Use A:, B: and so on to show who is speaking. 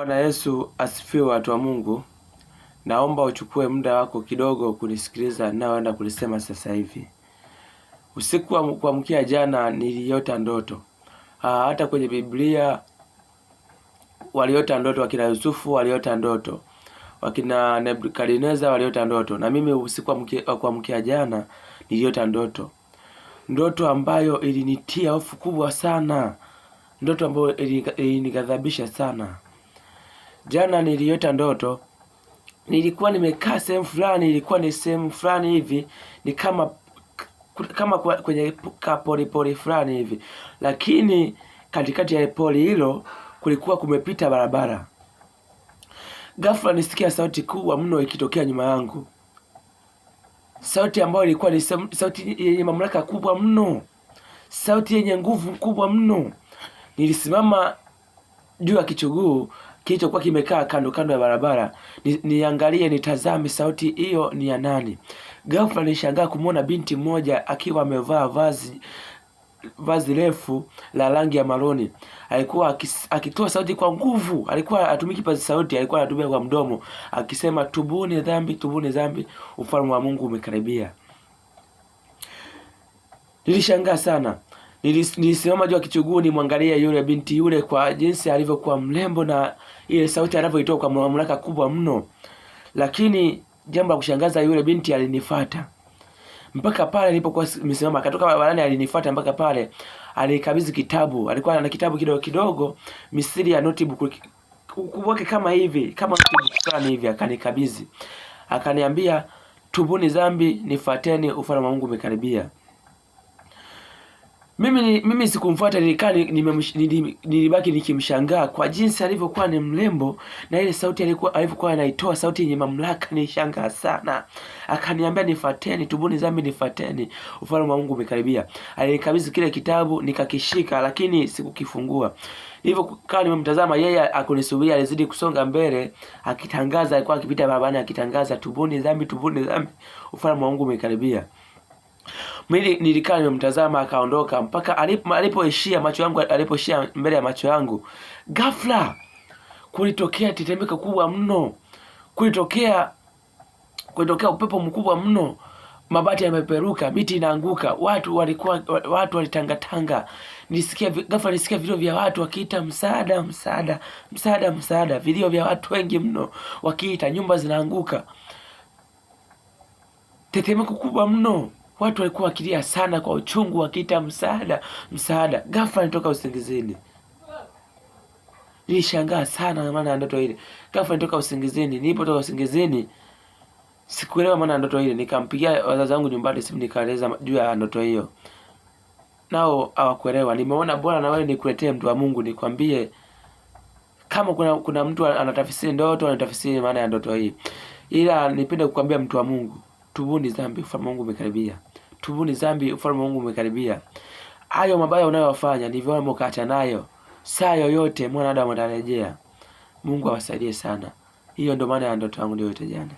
A: Bwana Yesu asifiwe, watu wa Mungu. Naomba uchukue muda wako kidogo kunisikiliza nayoenda kulisema sasa hivi. Usiku wa kuamkia jana niliota ndoto. Ha, ah, hata kwenye Biblia waliota ndoto, wakina Yusufu waliota ndoto, wakina Nebukadneza waliota ndoto, na mimi usiku wa kuamkia jana niliota ndoto, ndoto ambayo ilinitia hofu kubwa sana, ndoto ambayo ilinigadhabisha sana. Jana niliota ndoto, nilikuwa nimekaa sehemu fulani, ilikuwa ni sehemu fulani hivi, ni kama kama kwenye kapoli poli fulani hivi, lakini katikati ya poli hilo kulikuwa kumepita barabara. Ghafla nisikia sauti kubwa mno ikitokea nyuma yangu, sauti ambayo ilikuwa ni sauti yenye mamlaka kubwa mno, sauti yenye nguvu kubwa mno. Nilisimama juu ya kichuguu kilichokuwa kimekaa kando kando ya barabara, niangalie ni nitazame sauti hiyo ni ya nani. Ghafla nishangaa kumwona binti mmoja akiwa amevaa vazi vazi refu la rangi ya maroni. Alikuwa akitoa sauti kwa nguvu, alikuwa atumii kipaza sauti, alikuwa anatumia kwa mdomo akisema, tubuni dhambi, tubuni dhambi, ufalme wa Mungu umekaribia. Nilishangaa sana. Nilisimama juu ya kichuguu nimwangalia yule binti yule kwa jinsi alivyokuwa mrembo na ile sauti anavyoitoa kwa mamlaka kubwa mno. Lakini jambo la kushangaza, yule binti alinifuata mpaka pale nilipokuwa nimesimama, akatoka barabarani, alinifuata mpaka pale. Alikabidhi kitabu, alikuwa na kitabu kidogo kidogo, misiri ya notebook ukubwa wake kama hivi, kama notebook fulani hivi, akanikabidhi, akaniambia, tubuni dhambi, nifuateni, ufalme wa Mungu umekaribia. Mimi, mimi sikumfuata, nilikaa nilibaki nikimshangaa kwa jinsi alivyokuwa ni mrembo na ile sauti alivyokuwa anaitoa, sauti yenye mamlaka, nilishangaa sana. Akaniambia, nifateni, tubuni zambi, nifateni, ufalme wa Mungu umekaribia. Alinikabidhi kile kitabu nikakishika, lakini sikukifungua. Hivyo kawa nimemtazama yeye, akunisubiria. Alizidi kusonga mbele akitangaza, alikuwa akipita barabarani akitangaza, tubuni zambi tubuni zambi ufalme wa Mungu umekaribia mimi nilikaa nimemtazama akaondoka, mpaka alipoishia macho yangu, alipoishia mbele ya macho yangu, ghafla kulitokea tetemeko kubwa mno, kulitokea kulitokea upepo mkubwa mno, mabati yameperuka, miti inaanguka, watu walikuwa watu walitangatanga. Nisikia ghafla, nisikia vilio vya watu wakiita msaada, msaada, msaada, msaada, vilio vya watu wengi mno wakiita, nyumba zinaanguka, tetemeko kubwa mno. Watu walikuwa wakilia sana kwa uchungu, wakiita msaada, msaada. Ghafla nitoka usingizini, nilishangaa sana maana ya ndoto ile. Ghafla nitoka usingizini, nilipotoka usingizini sikuelewa maana ya ndoto ile. Nikampigia wazazi wangu nyumbani simu, nikaeleza juu ya ndoto hiyo, nao hawakuelewa. Nimeona bora na wewe nikuletee mtu wa Mungu nikwambie kama kuna, kuna mtu anatafsiri ndoto anatafsiri maana ya ndoto hii, ila nipende kukwambia mtu wa Mungu tubuni dhambi, ufalme wa Mungu umekaribia. Tubuni dhambi, ufalme wa Mungu umekaribia. Hayo mabaya unayofanya ndivyo mambo kata nayo, saa yoyote mwanadamu atarejea. Mungu awasaidie sana. Hiyo ndio maana ya ndoto yangu niliyoita jana.